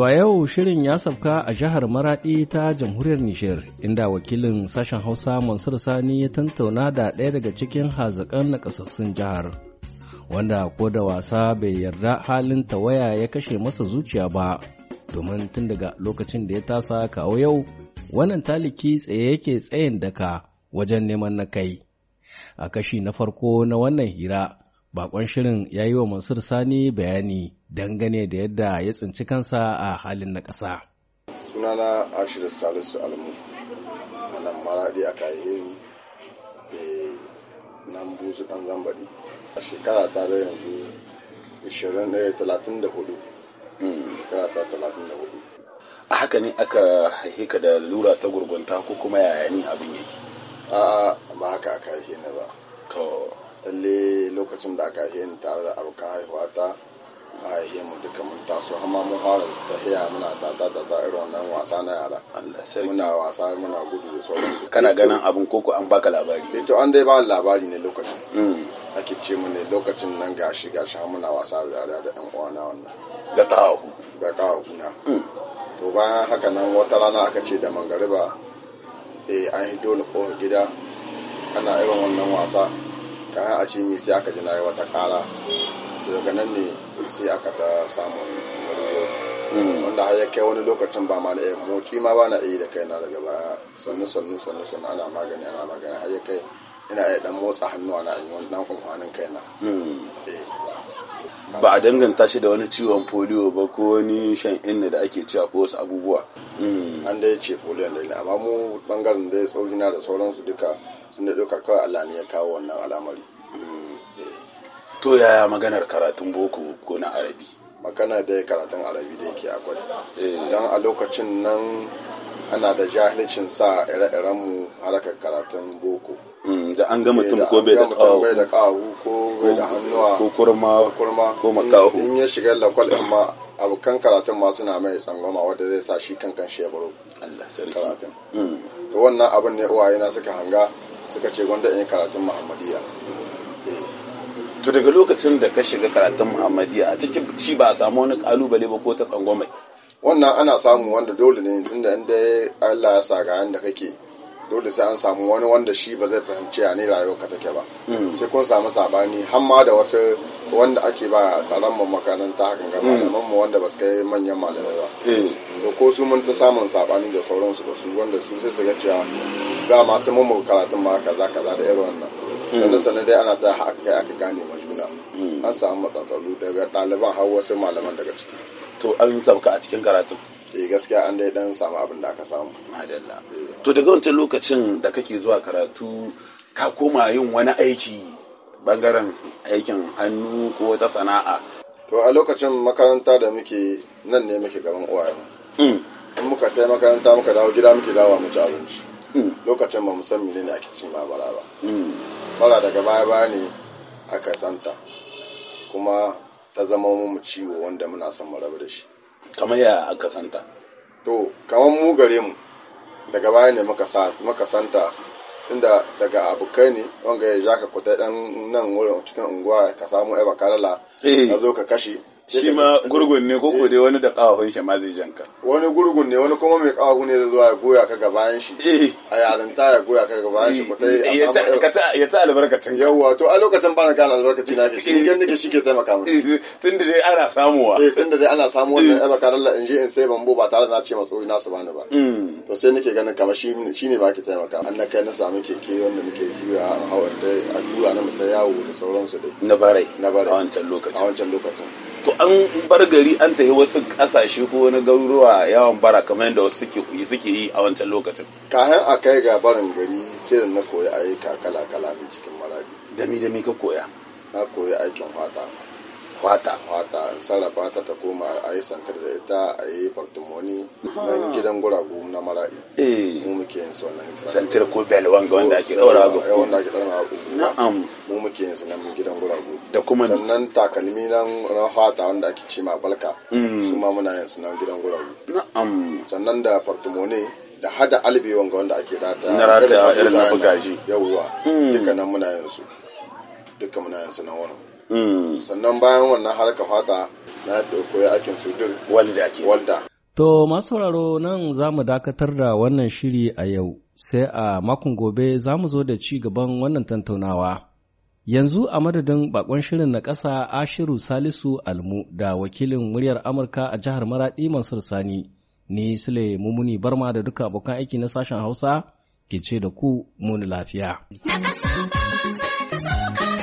To a yau shirin ya sabka a jihar Maradi ta jamhuriyar Nijar inda wakilin sashen Hausa Mansur Sani ya tantauna da ɗaya daga cikin hazakan nakasassun jihar. Wanda ko da wasa bai yarda halin tawaya ya kashe masa zuciya ba, domin tun daga lokacin da ya tasa kawo yau, wannan taliki tsaye yake tsayin daka wajen neman na kai. A kashi na farko na wannan hira. bakon shirin ya yi wa Mansur Sani bayani dangane da yadda ya tsinci kansa a halin na ƙasa. Sunana Ashir Salisu Almu, nan maradi a kayan da eh, nan buzu kan zambaɗi. A shekara ta da yanzu 24. 34. Eh, hmm. Shekara ta 34. A haka ne aka haihika da lura ta gurgunta ko kuma yayani abin yake? A'a ba haka aka haihe ne ba. To, lalle lokacin da aka haife ni tare da abokan haihuwa ta a haihe mu duka mun taso amma mun fara tafiya muna ta ta irin wannan wasa na yara muna wasa muna gudu da sauran kana ganin abin koko an baka labari eh to an dai ba labari ne lokacin hmm. ake ce mu ne lokacin nan gashi gashi muna wasa da yara da yan uwana wannan da kawo da kawo na. Hmm. to bayan haka nan wata rana aka ce da mangariba eh an hito ni ko gida ana irin wannan wasa ka a cinye sai aka jina wata kara daga nan ne sai aka ta samun hmm. wanda har ya kai wani lokacin ba ma na iya motsi ma ba na iya da kai na daga ba sannu sannu sannu sannu ana magani ana magani har ya kai ina iya dan motsa hannuwa na yi wani dan kai na. ba a danganta shi da wani ciwon polio ba ko wani shan inna da ake cewa ko wasu abubuwa hmm. an dai ce polio da amma mu bangaren dai tsogina da sauransu duka sun da ɗauka kawai allah ne ya kawo wannan al'amari hmm. to yaya maganar karatun boko ko na arabi magana da karatun arabi da yake akwai eh. don a lokacin nan ana da jahilcin sa ire-iren mu harkar karatun boko hmm, da an ga mutum ko bai da kawo ko bai da hannuwa ko kurma ko makaho in ya shiga lakwal din ma abokan karatun ma suna mai tsangoma wanda zai sa shi kankan shi ya baro karatun hmm. to wannan abin ne uwaye na suka hanga suka ce gwanda in yi karatun Muhammadiyya eh. to daga lokacin da ka shiga karatun Muhammadiyya a cikin shi ba a samu wani kalubale ba ko ta tsangomai. wannan ana samu wanda dole ne inda inda Allah ya sa ga da kake dole sai an samu wani wanda shi ba zai fahimci ya ne rayuwarka take ba hmm. sai kun samu sabani har ma da wasu wanda ake ba tsaron makaranta hakan ga hmm. malaman mu wanda ba su kai manyan malamai ba eh. to ko su mun ta samun sabani da sauransu ba su wanda su sai su ga cewa ga masu mun karatun ma kaza kaza da irin wannan hmm. sannan sannan dai ana ta haka kai aka gane ma juna an samu matsatsalu daga ɗaliban har wasu malaman daga ciki to an sauka a cikin karatun eh gaskiya an dai dan samu abin da aka samu madalla eh. to daga wancan lokacin da kake zuwa karatu ka koma yin wani aiki bangaren aikin hannu ko wata sana'a to a lokacin makaranta da muke nan ne muke gaban uwaye mm. in muka tai makaranta muka dawo gida muke dawa mu ci abinci mm. lokacin ba mu san menene ake ci ma bara ba mm. bara daga baya ba ne aka santa kuma ta zama mu ciwo wanda muna son mu rabu da shi kamar ya aka santa to kamar mu gare mu daga baya ne muka santa inda daga abokai ne wanga ya ja ka kuta ɗan nan wurin cikin unguwa ka samu ai bakarala eh. ka zo ka kashe shi ma gurgun ne koko dai wani da kawahun shi ma zai janka wani gurgun ne wani kuma mai kawahu ne zuwa ya goya ka gabayan shi eh. a yarinta ya goya ka gabayan shi kutai eh, ya ta albarkacin yawa to a lokacin na gane albarkacin na shi ne eh. ganin shi ke taimaka mu tun da dai ana samuwa eh tun da dai ana samuwa ne ba karar la in je in sai bambo ba tare da na ce masa oi nasu bani ba hmm. to sai nake ganin kamar shi ne ba ke taimaka an na kai na samu keke wanda nake juya a hawar dai a dura na mata yawo da sauransu dai na bare na bare a wancan lokacin a wancan lokacin to an bar gari an tafi wasu kasashe ko wani garuruwa yawon bara kamar yadda wasu suke yi a wancan lokacin kayan a kai ga barin gari sai da na koyi ayyuka kala kala ne cikin maradi dami dami ka koya na koyi aikin fata fata fata sarrafa ta ta koma a yi santar da ita a yi fartumoni nan gidan guragu na mara'i eh. mu muke yin wannan santar ko bel wanga wanda ake daura ga kuma wanda ake daura ga na'am mu muke yin nan gidan guragu da kuma sannan takalmi nan na fata wanda ake ce ma balka mm. su ma muna yin nan gidan guragu na'am sannan da fartimoni da hada albi wanga wanda ake rata na rata irin na bugaji yawwa mm. nan muna yin su dukkan muna yin su na wannan Mm. sannan bayan wannan harka fata na koya aikin sudur walda ke walda to masu sauraro nan za mu dakatar da wannan shiri a yau sai a makon gobe za mu zo da ci gaban wannan tantaunawa yanzu a madadin bakon shirin na ƙasa ashiru salisu almu da wakilin muryar amurka a jihar maradi mansur sani ni sule mumuni barma da duka abokan aiki na sashen hausa ke ce da ku muni lafiya. Na ƙasa ba za ta